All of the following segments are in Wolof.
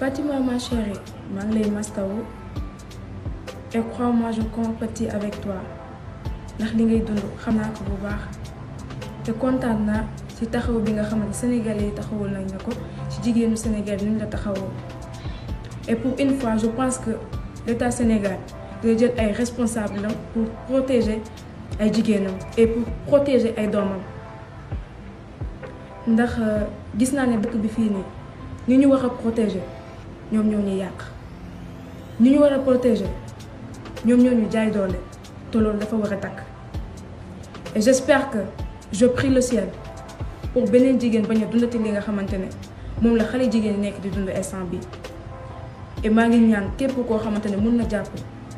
Fatima ma chérie maa ngi lay mastawu et crois-moi je compatis avec toi ndax li ngay dund xam naa ko bu baax te kontaan naa ci taxaw bi nga xamante Sénégalais yi taxawul nañ la ko ci jigéenu Sénégal ni ñu la taxawoo et pour une fois je pense que l'État Sénégal nga jël ay responsable la pour protéger ay jigéenam et pour protéger ay doomam ndax euh, gis naa ne dëkk bi fii nii ni ñu wax ak protéger ñoom ñoo ñu yàq ñu ñu war a protéger ñoom ñoo ñu jaay doole te loolu dafa war a takk et j'espère que je prie le ciel pour beneen jigéen bañ a dundati li nga xamante ne moom la xale jigéen yi nekk di dund instant bi et maa ngi ñaan képp koo xamante ne mun na jàpp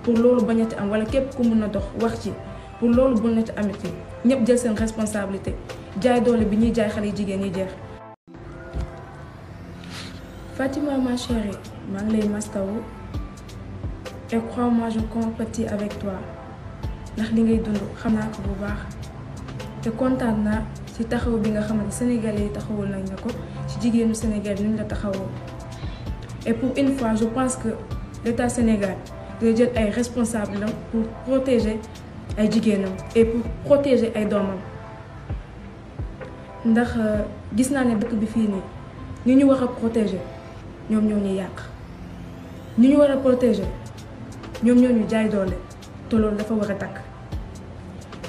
pour loolu bañati am wala képp ko mun na dox wax ci pour loolu bañati amati ñëpp jël seen responsabilité jaay doole bi ñuy jaay xale jigéen ñi jeex. Fatima ma chérie maa ngi lay mastawu et crois-moi je compatis avec toi ndax li ngay dund xam naa ko bu baax te kontaan naa ci taxaw bi nga xamante sénégalais yi taxawul nañ la ko ci jigéenu Sénégal ni ñu la taxawoo et pour une fois je pense que l'état Sénégal nga jël ay responsable la pour protéger ay jigéenam et pour protéger ay doomam ndax euh, gis naa ne dëkk bi fii nii ñu ñu wax ak protéger ñoom ñoo ñu yàq ñu ñu war a protéger ñoom ñoo ñu jaay doole te loolu dafa war a takk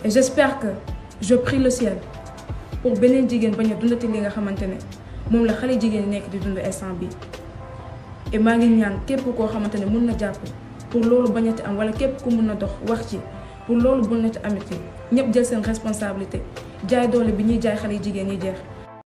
et j'espère que je prie le ciel pour beneen jigéen bañ a dundati li nga xamante ne moom la xale jigéen yi nekk di dund instant bi et maa ngi ñaan képp koo xamante ne mun na jàpp pour loolu bañ a ci am wala képp ku mun na dox wax ci pour loolu bañ a ci amati ñëpp jël seen responsabilité jaay doole bi ñuy jaay xale jigéen ñi jeex.